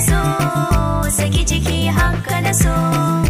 so saki ciki haka na so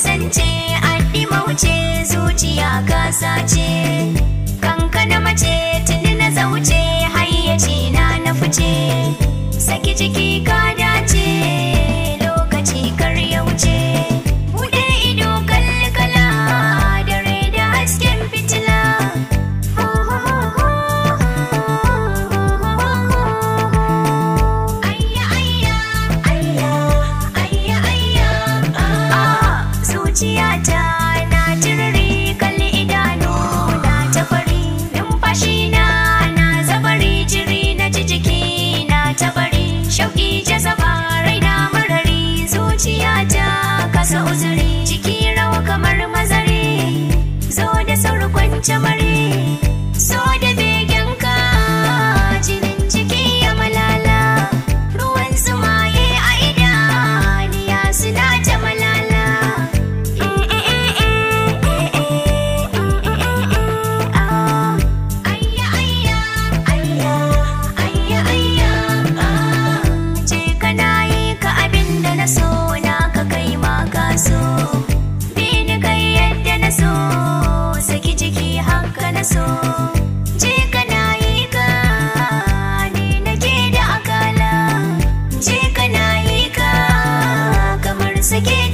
kasance addi mauce zuciya kasa ce kankana mace tuni na zauce hayyaci na na fice saki jiki kaya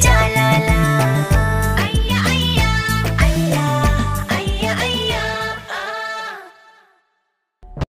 die.